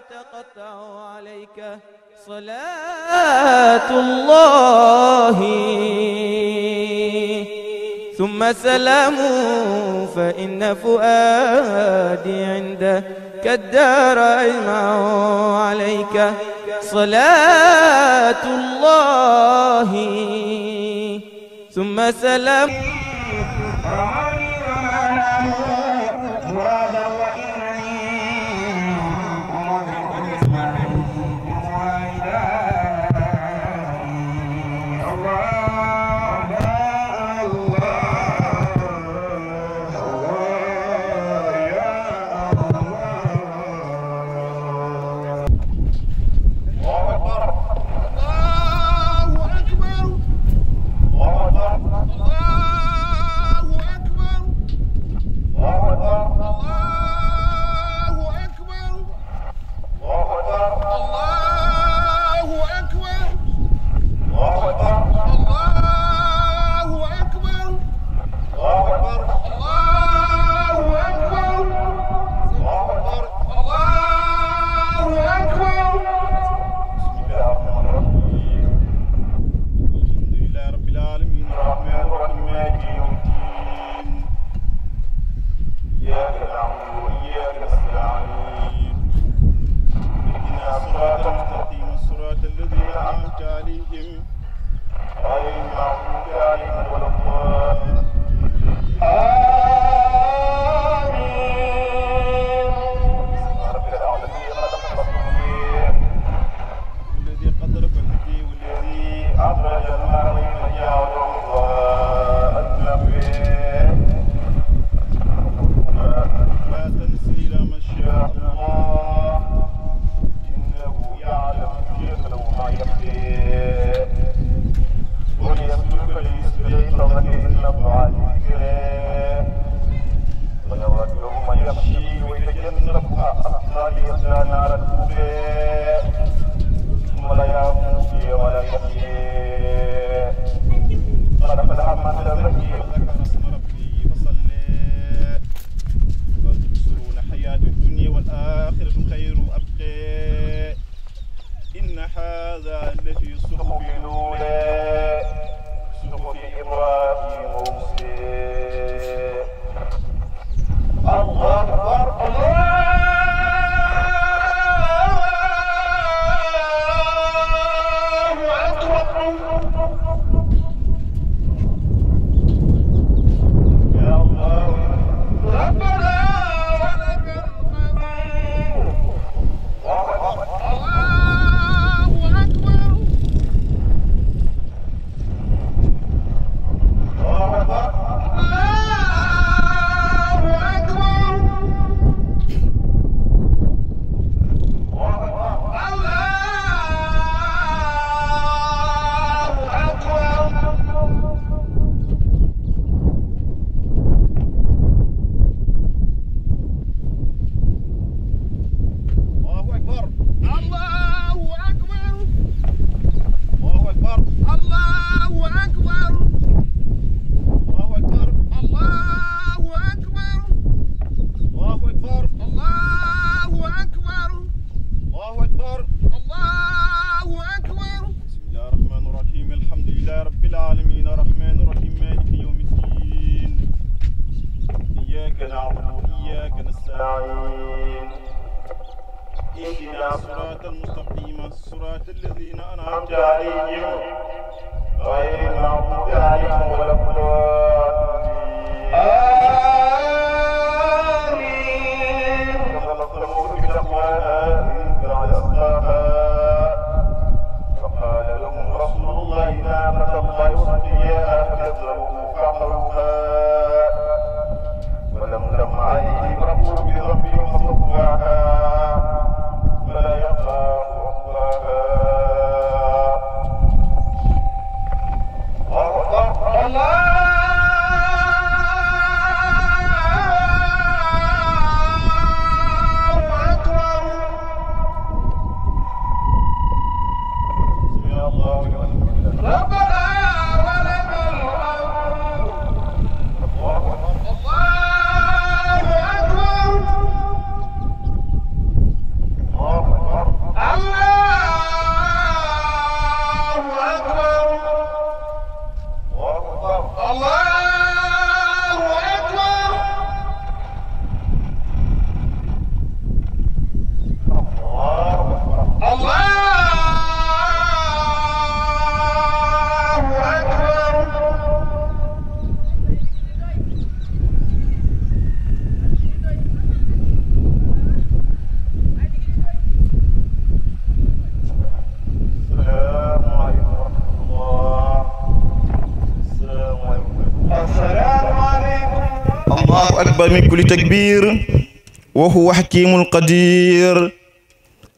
تقطع عليك صلاة الله ثم سلام فإن فؤادي عندك الدار أجمع عليك صلاة الله ثم سلام أكبر من كل تكبير وهو حكيم قدير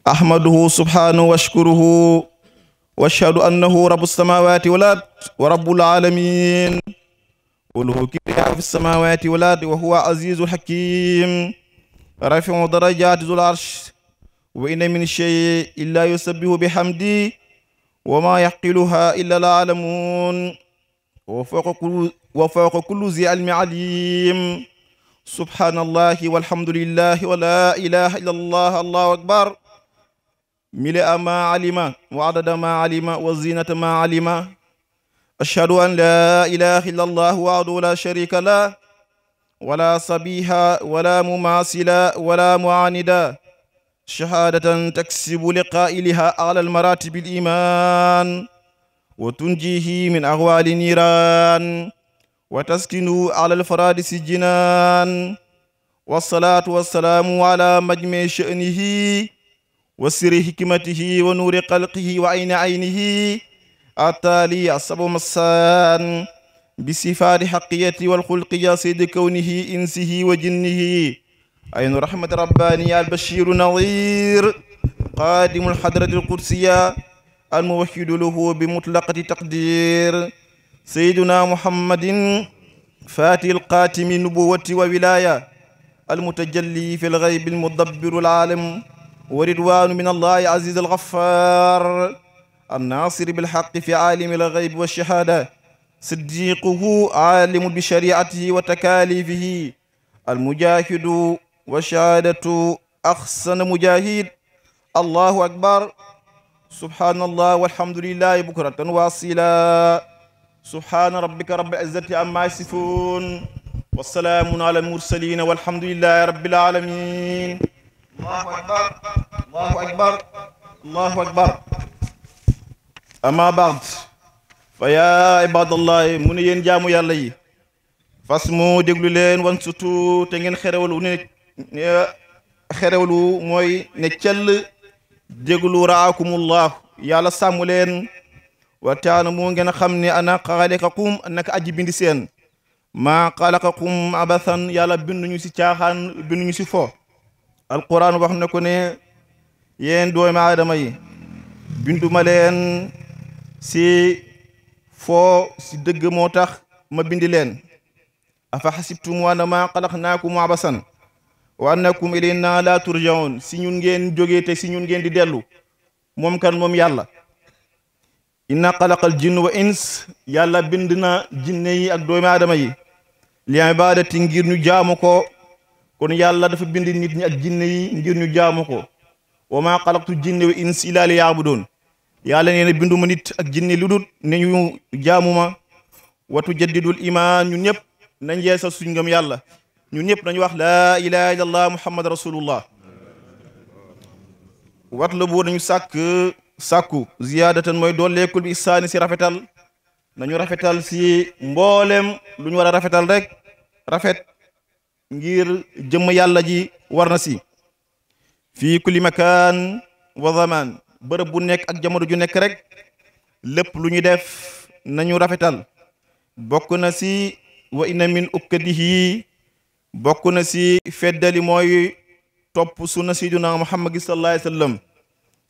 أحمده سبحانه وأشكره وأشهد أنه رب السماوات والأرض ورب العالمين وله كريع في السماوات والأرض وهو عزيز حكيم رافع درجات ذو العرش وإن من شيء إلا يسبه بحمدي وما يعقلها إلا العالمون وفوق كل ذي علم عليم والحمد لله ولا إله إلا الله الله أكبر ملء ما علم وعدد ما علم وزينة ما علم أشهد أن لا إله إلا الله وعده لا شريك له ولا صبيها ولا مماثلا ولا معاندا شهادة تكسب لقائلها أعلى المراتب الإيمان وتنجيه من أغوال النيران وتسكنوا على الفرادس الجنان والصلاة والسلام على مجمع شأنه وسر حكمته ونور قلقه وعين عينه التالي عصب مسان بصفات حقية والخلقية سيد كونه إنسه وجنه أين رحمة رباني البشير نظير قادم الحضرة القدسية الموحد له بمطلقة تقدير سيدنا محمد فاتي القاتم نبوة وولاية المتجلي في الغيب المدبر العالم ورضوان من الله عزيز الغفار الناصر بالحق في عالم الغيب والشهادة صديقه عالم بشريعته وتكاليفه المجاهد وشهادة أحسن مجاهد الله أكبر سبحان الله والحمد لله بكرة واصيلا سبحان ربك رب العزة عما يصفون والسلام على المرسلين والحمد لله رب العالمين الله أكبر الله أكبر الله أكبر أما بعد فيا عباد الله من ينجام يالله فاسمو دغلو لين وان وانسوتو تنين خيرولو ني خيرولو موي ne cell déglu raakumullah yàlla sàmm سامولين wa mo ngeen xam ne ana xaalaqakum naka aji bindi seen ma xaalaqakum abathan ñu ci si bindu ñu ci fo alquran wax na ko ne do ma adama yi ma leen si fo si dëgg moo ma bindi leen afa wa ma khalaqnakum abasan wa annakum ilayna la turjaun si ñun ngeen joge te si ñun ngeen di delu mom kan mom yalla inna qalaqal jinn wa ins yàlla bind jinne yi ak doomi adama yi li ibadati ngir ñu jaamu ko kon yàlla dafa bind nit ñi ak jinne yi ngir ñu jaamu ko wa maa xalaqtu wa ins ila li yaabudoon yàlla neena binduma nit ak jinne lu ne ñu jaamuma watu jaddidul iman ñun ñep nañ yeesa suñ ngam yàlla ñun ñep nañ wax la ilaha illallah muhammad rasulullah wat nañu sak Saku ziyadatan ziyaadatan dole kul bi isani si rafetal nañu rafetal si mbollem luñu wara rafetal rek rafet ngir jëm yalla ji warna si fi kulli makan wa zaman bërëb bu nek ak jamono ju nek rek lepp luñu def nañu rafetal bokku na si wa inna min dihi, bokku na si feddali moy top sunna sayyidina Muhammad sallallahu alaihi wasallam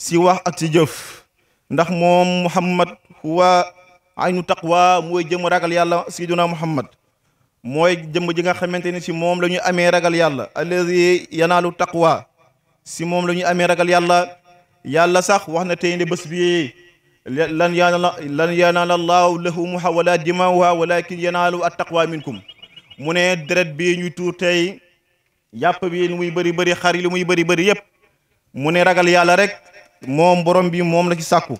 si wax ak si ndax moom muhammad huwa aynu taqwa mooy jëm ragal yàlla sayyiduna muhammad mooy jëm ji nga xamante ni si moom la ñu amee ragal yàlla allazi yanaalu taqwa si moom la ñu amee ragal yàlla yàlla sax wax na tey ne bés bi lan yanala lan yanaala allaahu lahumaha wala dimawuha walakin yanaalu at taqwa minkum mu ne deret bi ñuy tuur tey yàpp bi lu muy bëri bëri xar yi lu muy bari bëri yëpp mu ne ragal yàlla rek moom borom bi moom la ci sàkku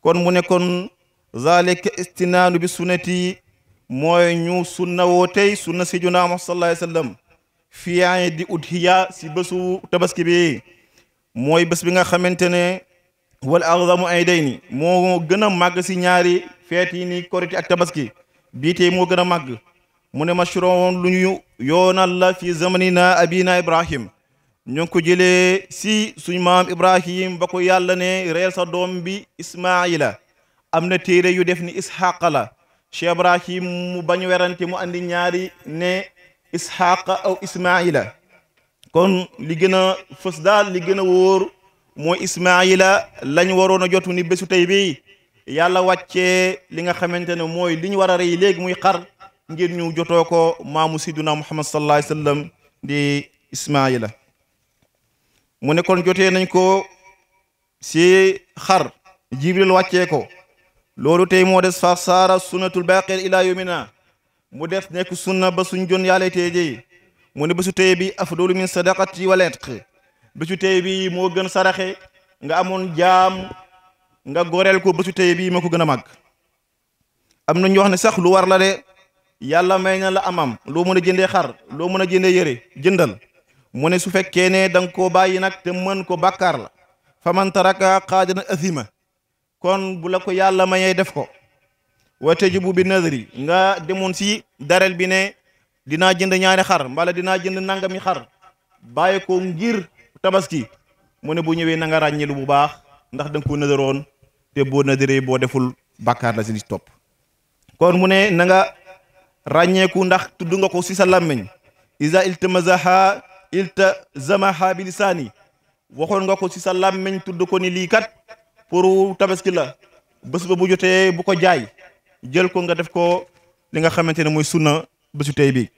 kon mu ne kon zalika istinaanu bi sunnati mooy ñu sunna woo tey sunna si junaa ma sallallahu alayhi wa sallam fiyaane di udhiya si bésu tabaski bi mooy bés bi nga xamante ne wal arzamu ay moo gën a màgg si ñaari feet yi ni korité ak tabaski bii moo gën a màgg mu ne mashroon lu ñu yoonal la fi zamanina abina ibrahim ñoo ko si suñu maam ibrahim ba ko yàlla ne reel sa doom bi ismaila amna téré yu def ni ishaq la cheikh ibrahim mu bañu werante mu andi ñaari ne ishaq aw ismaila kon li gëna fess dal li gëna wóor ismaila lañ warona jotu ni bésu tay bi yàlla waccé li nga xamante ne mooy li ñu rey muy xar ngir ñu jotoko maamu muhammad sallallahu alayhi wasallam di ismaila mu nekkoon jotee nañ ko si xar jibril wàccee ko loolu tey moo des fa saara sunnatul baqir ila yomina mu def nekk sunna ba suñ jon yàlla tee jii mu ne bésu tey bi afdalu min sadaqati wal itq bésu tey bi moo gën saraxe nga amoon jaam nga goreel ko bésu tey bi moo ko gën a màgg am na ñu wax ne sax lu war la de yàlla may na la amam loo mën a jëndee xar loo mën a jëndee yëre jëndal mu ne su fekkee ne danga nga koo bàyyi nag te mën ko bàkkaar la fa man taraka xaadiran asima kon bu la ko yàlla mayee def ko wa tajibu bi nadri nga demoon si dareel bi ne dinaa jënd ñaari xar mbala dinaa jënd nangami xar bàyyi ko ngir tabaski mu ne bu ñëwee na nga ràññilu bu baax ndax da nga ko nadaroon te boo nadaree boo deful bàkkaar la si di topp kon mu ne na nga ràññeeku ndax tudd nga ko si sa làmmiñ iza iltamazaha iltazamaha bi lisaani waxoon nga ko ci sa làmmiñ tudd ko ni lii kat pour tabaski la bés ba bu jotee bu ko jaay jël ko nga def ko li nga xamante ne mooy sunna bésu tey bi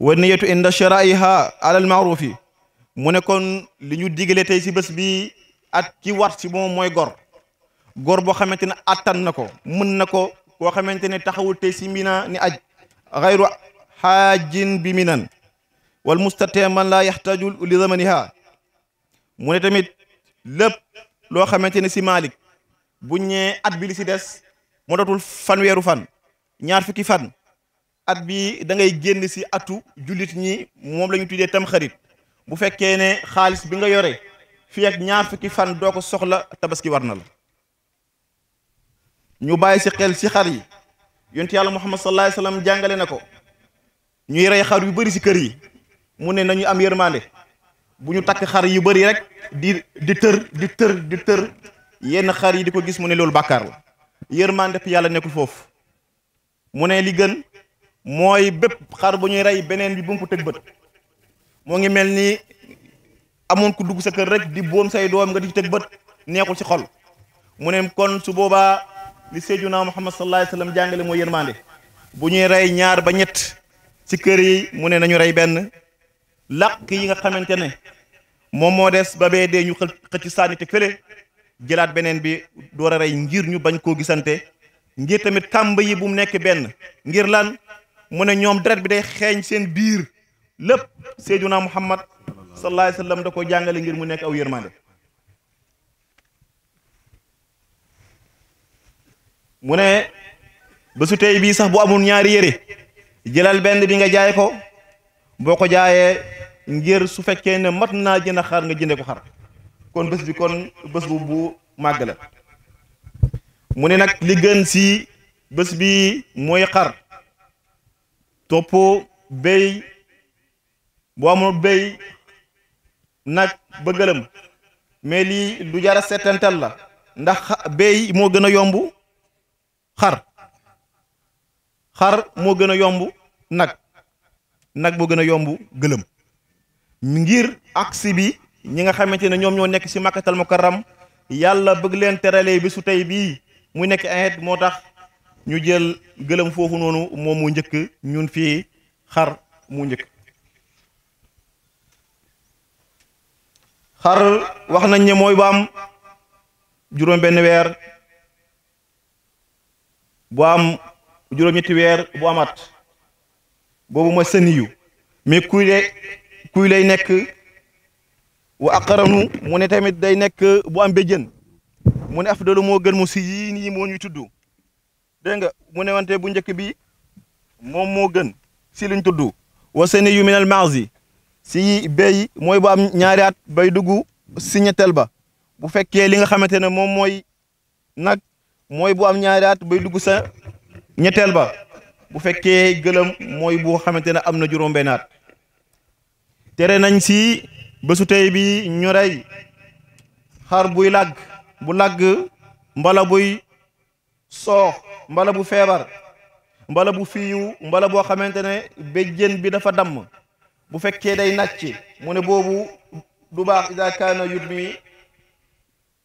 wa niyatu inda shara'iha alal maarufi mu ne kon li ñu digale tey si bés bi at ci war ci moom mooy gor gor boo xamante ne attan na ko mën na ko koo xamante ne taxawul tey ci mina ni aj xayru xaajin bi nan wal من لا يحتاج لزمنها li zamaniha لب لو tamit سي مالك بو ني si بي لي سي ديس bi li si des moo dootul fanweeru fan ñaar fukki fan at bi da ngay génn ci atu julit ñi mom lañu ñu tam xarit bu fekké ne xaalis bi nga yore fi ak ñaar fukki fan doo ko soxla tabaski warnal ñu bàyyi ci xel ci xar yi yonent yàlla Muhammad sallallahu alayhi wasallam jàngale nako ñuy ray xar yu bari ci kër yi mu ne nañu am yermande buñu tak xar yu bari rek di di teur di teur di teur yenn xar yi di gis mu ne loolu bàkkaar la yermande fi yalla nekul fofu mu ne li gën moy bepp xar buñu ray benen bi buñ ko tegg beut mo ngi melni ni ku dugg sa kër rek di boom say doom nga di tegg beut neexul ci xol mu kon su boba li sayyiduna Muhammad sallallahu Alaihi Wasallam jangale mo yermande buñu ray ñaar ba ñett ci kër yi mu nañu ray benn làq yi nga xamante ne moom moo des ba bee dee ñu xëcc sànni te fële jëlaat beneen bi door a rey ngir ñu bañ koo gisante ngir tamit kàmb yi bu mu nekk benn ngir lan mu ne ñoom deret bi day xeeñ seen biir lépp Seydina Muhammad sallallahu alayhi wa sallam da ko jàngale ngir mu nekk aw yërmande mu ne bésu bii sax bu amul ñaari yére jëlal benn bi nga jaay ko boo ko jaayee ngir su fekkee ne mat naa jënd xar nga jëndee ko xar kon bés bi kon bés bu bu màgg la mu ne nag li gën si bés bi mooy xar topp béy boo amul béy nag ba gëlëm mais lii lu jara settantal la ndax béy moo gën a yomb xar xar moo gën a yomb nag nag boo gën a yomb gëlëm ngir aksi bi ñi nga xamante ne ñoom ñoo nekk ci màkkatal mukarram yàlla bëgg leen terale bi su tey bii mu nekk ayet moo tax ñu jël gëlëm foofu noonu moom njëkk ñun fii xar mu njëkk xar wax nañ ne mooy bu am juróom benn weer bu am juróom ñetti weer bu amaat boobu mooy sëniyu mais kuy lay kuy lay nekk wa aqaranu mu ne tamit day nekk bu am béjjën mu ne afdalu moo gën mu si yii nii mooñu tuddu tudd nga mu ne wante bu njëkk bi moom moo gën si luñ tuddu wa sëniyu minal marzi si béy mooy bu am ñaari bay dugg si ñetteel ba bu fekkee li nga xamante ne moom mooy nag mooy bu am ñaaraat at bay dugg sa ñetteel ba bu fekkee gëlëm mooy boo xamante ne am na juróom-benn tere nañ si bésu tey bi ñu xar buy lagg bu làgg mbala buy soox mbala bu feebar mbala bu fiiw mbala boo xamante ne béjjén bi dafa damm bu fekkee day nàcc mu ne boobu du baax ida kaana yut mi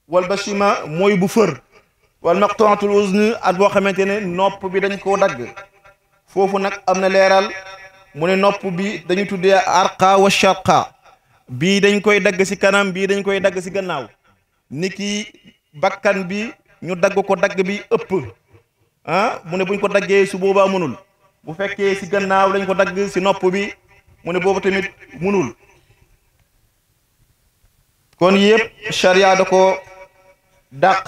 wal bashima mooy bu fër wal maqtuatul uzni at boo xamante ne nopp bi dañ koo dagg foofu nag am na leeral mu ne nopp bi dañu tuddee arqa wa bii dañ koy dagg ci kanam bii dañ koy dagg ci gannaaw ni ki bakkan bi ñu dagg ko dagg bi ëpp ah mu ne buñ ko daggee su boobaa mënul bu fekkee ci gannaaw lañ ko dagg ci nopp bi mu ne boobu tamit mënul kon yëpp charia da ko dàq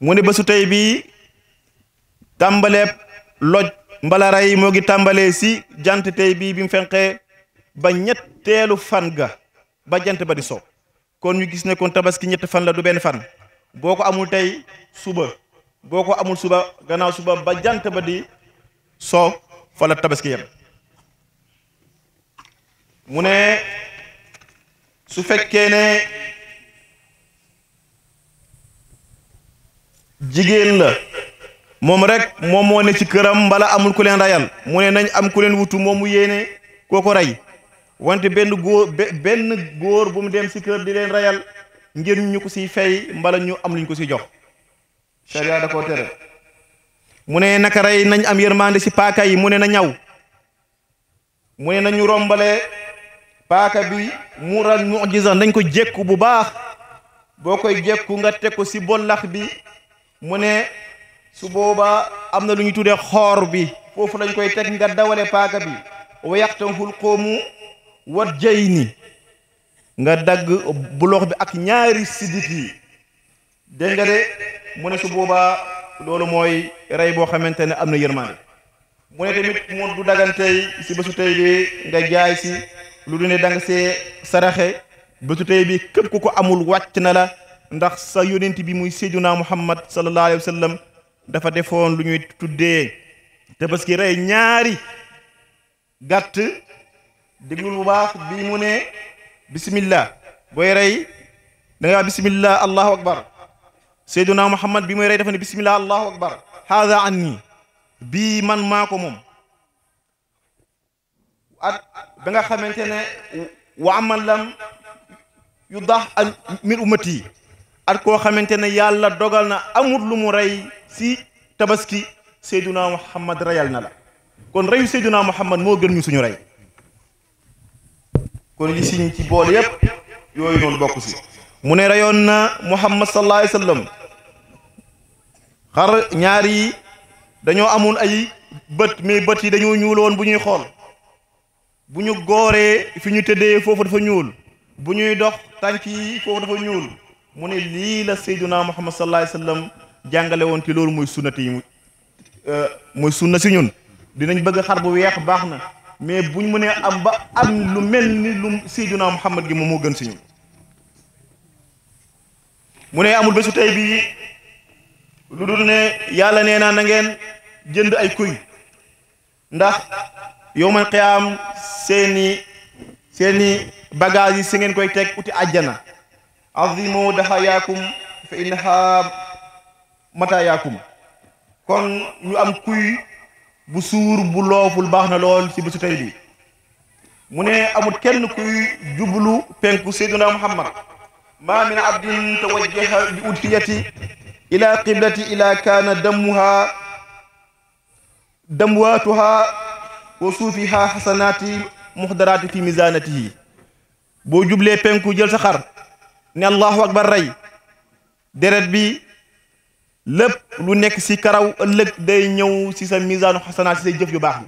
mu ne bésu tey bii tàmbaleeb loj mbalara yi moo ngi tàmbalee si jant tey bii bi mu fenqee ba ñetteelu fan ga ba jant ba di so kon ñu gis ne kon tabaski ñett fan la du benn fan boo ko amul tey suba boo ko amul suba gannaaw suba ba jant ba di so fa la tabaski yam mu ne su fekkee ne jigéen la moom rek moom moo ne ci këram mbala amul ku leen rayal mu ne nañ am ku leen wutu moom mu yéene koo ko rey wante benn góor góor bu mu dem si kër di leen rayal ngir ñu ko siy fay mbala ñu am luñ ko si jox charia da koo tere mu ne naka rey nañ am yërmande si paaka yi mu ne na ñaw mu ne nañu rombale paaka bi muuran mujiza nañ ko jékku bu baax boo koy jékku nga teg ko si bollax bi mu ne su boobaa am na lu ñu tuddee xoor bi foofu lañ koy teg nga dawale paaka bi wa yaqtanhul qawmu wat jay ni nga dagg buloox bi ak ñaari sidit yi dégg nga de mu ne su boobaa loolu mooy rey boo xamante ne am na yërmaande mu ne tamit mu si bésu tey bi nga jaay si lu du ne da nga see saraxe bésu bi képp ku ko amul wàcc na la ndax sa yonent bi muy seyduna muhammad sallallahu alayhi wa sallam dafa defoon lu ñuy tuddee tabaski rey ñaari gàtt déglul bu baax bi mu ne bismillah booy rey da ngaa bismillah allahu akbar seyduna muhammad bi muy rey dafa ne bismillah allahu akbar haada anni bii man maa moom ak ba xamante ne wa aman lam yu dax min ummati at koo xamante ne yàlla dogal na amul lu mu rey si tabaski Seyduna Muhammad reyal na la kon reyu Seyduna Muhammad moo gën ñu suñu rey kon li si ci boole yépp yooyu noonu bokk si mu ne reyoon na Muhammad sallallahu alayhi wa sallam xar ñaar yi dañoo amul ay bët mais bët yi dañoo ñuul bu ñuy xool bu ñu gooree fi ñu tëddee foofu dafa ñuul bu ñuy dox tànk yi foofu dafa ñuul mu ne lii la Seyduna Muhammad sallallahu alayhi jàngale woon ci loolu muy sunnati yi euh, muy sunna si ñun dinañ bëgg xar bu weex baax na mais buñ mënee am ba am lu mel ni lu Seydina Muhammad gi moom moo gën si ñun mu ne amul bésu tey bii lu dul ne yàlla nee naa na ngeen jënd ay kuy ndax yow yowmal qiyaam seeni seeni bagage yi si koy teg uti àjjana azimu daxayaakum fa innaha mata yaakuma kon ñu am kuy bu suur bu looful baax na lool ci bésu tey bi mu ne amut kenn kuy jublu penku sayyiduna muhammad ma min abdin tawajjaha bi udhiyati ila qiblati ila kaana damuha damwaatuha wa suufiha xasanaati muxdaraati fi misanatihi boo jublee penku jël sa xar allahu akbar rey deret bi lépp lu nekk si karaw ëllëg day ñëw si sa misaanu xasanaat si say jëf yu baax yi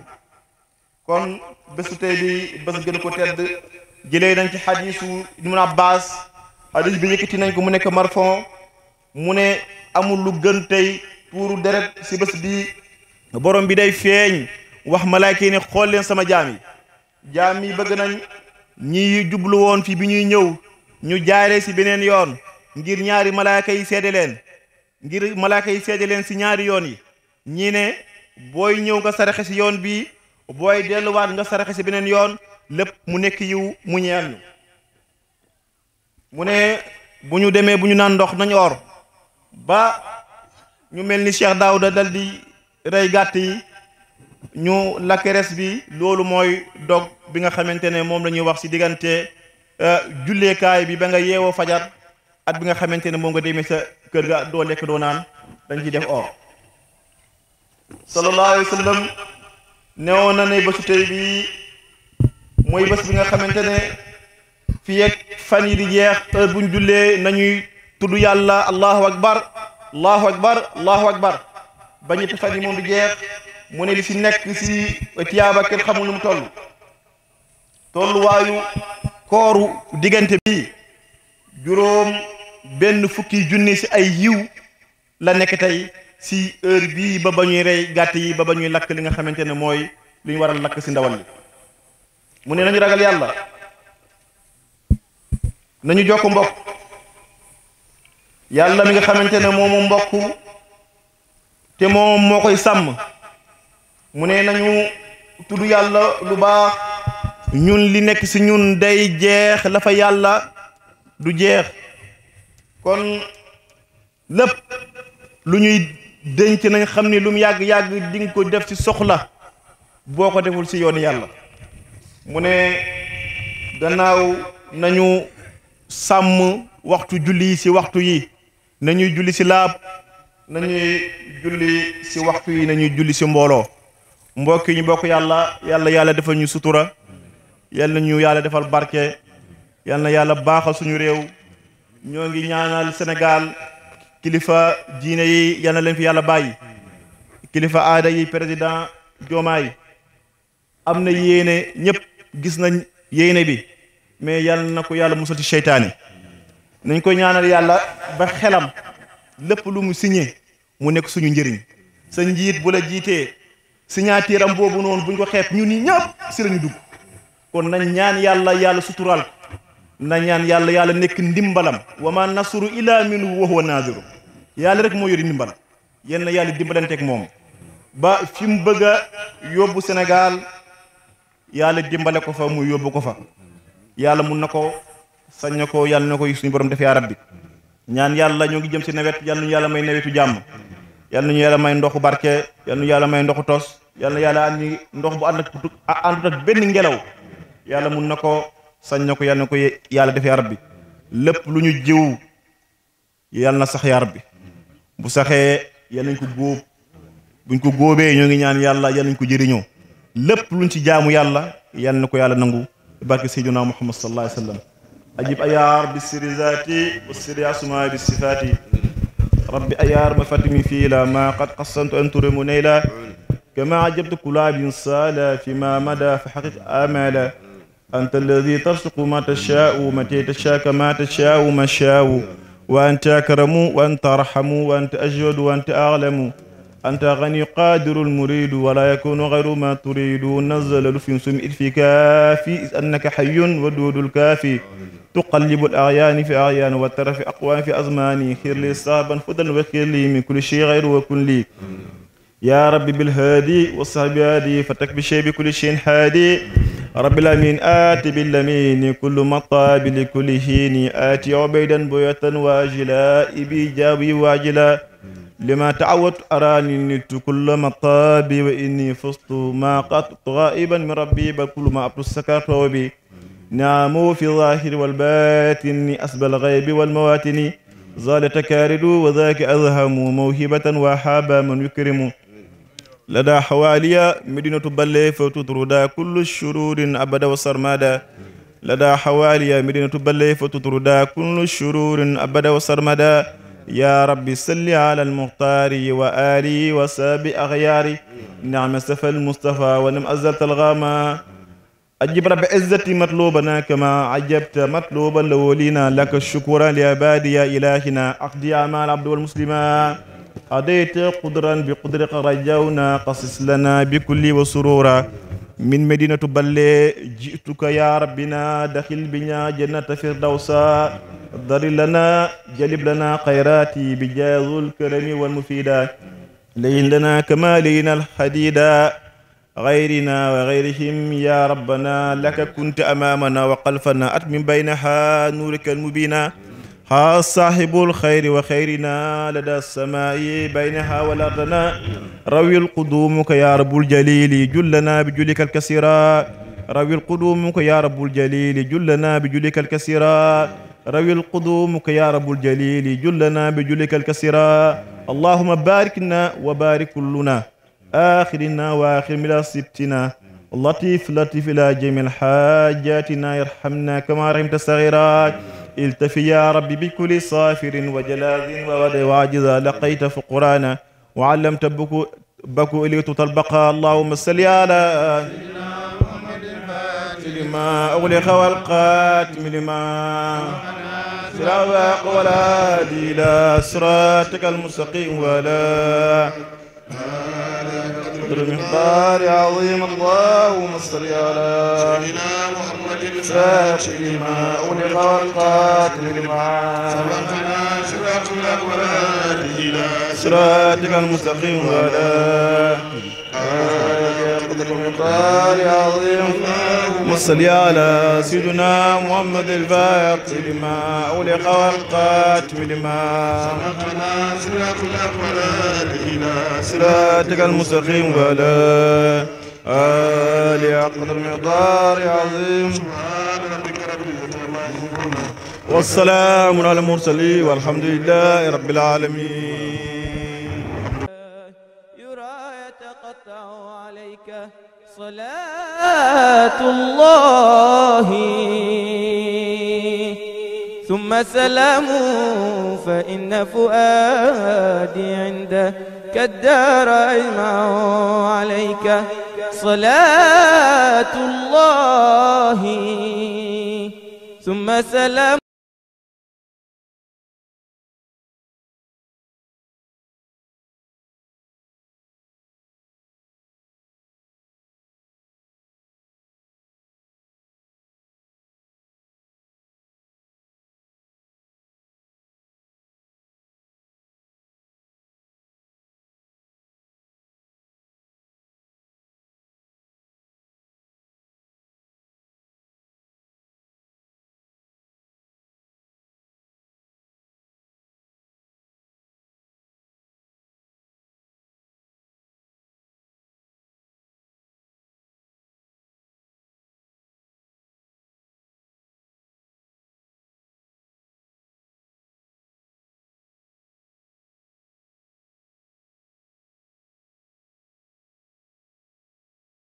kon bésu tey bi bés gën ko tedd jëlee nañ ci xadiisu ibnu baas xadiis bi yëkkati nañ ko mu nekk marfon mu ne amul lu gën tey tuuru deret si bés bi borom bi day feeñ wax malaayka yi ne xool leen sama jaam yi jaam yi bëgg nañ ñi jublu woon fii bi ñuy ñëw ñu jaaree si beneen yoon ngir ñaari malaayka yi seede leen ngir malaaka yi seede leen si ñaari yoon yi ñii ne booy ñëw nga saraxe si yoon bii booy delluwaat nga saraxe si beneen yoon lépp mu nekk yiw mu ñeen mu ne bu ñu demee bu ñu naan ndox nañ or ba ñu mel ni Cheikh Daouda dal di rey gàtt yi ñu lakk bi loolu mooy dog bi nga xamante ne moom lañuy wax si diggante euh, julleekaay bi ba nga yeewoo fajar at bi nga xamante ne moom nga demee sa kër ga doo lekk doo naan dañ ciy def or sallallahu alayhi wa sallam newoon na ne bésu tey bii mooy bés bi nga xamante ne fii fan yi di jeex bu buñ jullee nañuy tudd yàlla allahu akbar allahu akbar allahu akbar ba ñetti fan yi moom di jeex mu ne li si nekk si tiyaaba kenn xamul nu mu toll kooru diggante bi juróom benn fukki junni si ay yiw la nekk tey si heure bii ba ba ñuy rey gàtt yi ba ba ñuy lakk li nga xamante ne mooy li ñu war a lakk si ndawal li mu ne nañu ragal yàlla nañu jokk mbokk yàlla mi nga xamante ne moomu mbokk te moom moo koy sàmm mu ne nañu tudd yàlla lu baax ñun li nekk si ñun day jeex lafa yàlla du jeex kon lépp lu ñuy denc nañ xam ni lu mu yàgg-yàgg di ko def ci soxla boo ko deful ci yoon yàlla mu ne danaaw nañu sàmm waxtu julli yi ci waxtu yi nañuy julli ci laab nañuy julli ci waxtu yi nañuy julli ci mbooloo mbokk yi ñu bokk yàlla yàlla yàlla defal ñu sutura yàlla ñu yàlla defal barke yàlla yàlla baaxal suñu réew ñoo ngi ñaanal Sénégal kilifa diine yi yal na leen fi yàlla bàyyi kilifa aada yi président Diomaye am na yéene ñëpp gis nañ yéene bi mais yal na ko yàlla musal ci seytaane nañ ko ñaanal yàlla ba xelam lépp lu mu signé mu nekk suñu njëriñ sa njiit bu la jiitee signature am boobu noonu buñ ko xeeb ñun ñi ñëpp si lañu dugg kon nañ ñaan yàlla yàlla suturaal na ñaan yàlla yàlla nekk ndimbalam wa ma nasru illa minhu wa huwa naasiru yàlla rek moo yori ndimbal yéen na yàlla dimbalanteeg moom ba fi mu bëgg a yóbbu Sénégal yàlla dimbale ko fa muy yóbbu ko fa yàlla mun na ko sañ na ko yàlla na koy suñu borom def yaa bi ñaan yàlla ñoo ngi jëm si nawet yàlla nañu yàlla may nawetu jàmm yàlla nañu yàlla may ndoxu barke yàlla nañu yàlla may ndoxu tos yàlla yàlla andi ndox bu ànd ak àndut ak benn ngelaw sañ na ko na ko yàlla def yaa rabbi lépp lu ñu jiw yàlla na sax yaa rabbi bu saxee yàlla nañ ko góob buñ ko góobee ñoo ngi ñaan yàlla yàlla nañ ko jëriñoo lépp luñ ci jaamu yàlla yàlla na ko yàlla nangu barke sayyidina muhammad sallallahu alayhi wa sallam ajib ayaar bi siri zaati wa siri sifaati rabbi ayaar ma fatimi fii la ma qad qassantu an turimu nayla kama ajabtu kulaabin saala fi ma fa xaqiq amala أنت الذي ترزق ما تشاء ومتى تشاء كما تشاء وما شاء وأنت أكرم وأنت أرحم وأنت أجود وأنت أعلم أنت غني قادر المريد ولا يكون غير ما تريد نزل في نسم في كافي أنك حي ودود الكافي تقلب الأعيان في أعيان في أقوام في أزماني خير لي صعبا هدى وخير لي من كل شيء غير وكن لي يا ربي بالهادي والصحب هادي فتك بشيء بكل شيء حادي رب العالمين آت باللمين كل مطاب لكل هين آت عبيدا بيوتا واجلا إبي جاوي واجلا لما تعودت أراني نت كل مطاب وإني فصت ما قط غائبا من ربي بل كل ما أبرز سكرت وبي نعم في الظاهر والباتن أسب الغيب والمواتن زال تكارد وذاك أظهم موهبة وحاب من يكرم لدى حواليا مدينة بلي فتطرد كل الشرور أبدا وسرمدا لدى حواليا مدينة بلي فتطرد كل الشرور أبدا وسرمدا يا رب صل على المختار وآلي وساب أغياري نعم السفى المصطفى ولم أزل الغامة أجب رب عزتي مطلوبنا كما عجبت مطلوبا لولينا لك الشكر لعبادي يا إلهنا أقضي أعمال عبد والمسلمين أديت قدرا بقدر رجاونا قصص لنا بكل وسرورا من مدينة بلي جئتك يا ربنا دخل بنا جنة فردوسا ضر لنا جلب لنا خيراتي بجاز الكرم والمفيدة لين لنا كما لين الحديدا غيرنا وغيرهم يا ربنا لك كنت أمامنا وقلفنا أتمن بينها نورك المبينا ها صاحب الخير وخيرنا لدى السماء بينها والأرضنا روي القدومك يا رب الجليل جلنا بجلك الكسيرا روي القدومك يا رب الجليل جلنا بجلك الكسيرا روي القدومك يا رب الجليل جلنا بجلك الكسيرا اللهم باركنا وبارك كلنا آخرنا وآخر من سبتنا لطيف لطيف إلى جميع حاجاتنا يرحمنا كما رحمت الصغيرات التف يا رب بكل صافر وجلاد وود وعجز لقيت فقرانا وعلمت بكو بكو إلي تطلبقا اللهم صل على لما أغلق والقاتم لما سلاواق ولا دي إلى صراطك المستقيم ولا قدر المقدار عظيم ومصر يا لا سيدنا محمد الفاتح ما أغلق والقاتل لما سبقنا صراط الأولاد إلى صراطك المستقيم ولا آله قدر المختار العظيم على سيدنا محمد الفاتح لما أولق والقاتم لما ما صراط المستقيم ولا آلي قدر المقدار عظيم والسلام على المرسلين والحمد لله رب العالمين صلاة الله ثم سلام فإن فؤادي عندك الدار أجمع عليك صلاة الله ثم سلام